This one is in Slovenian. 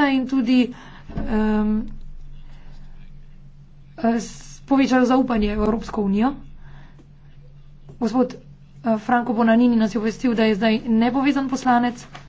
leta in tudi um, povečalo zaupanje v Evropsko unijo. Gospod eh, Franko Bonanini nas je obvestil, da je zdaj nepovezan poslanec.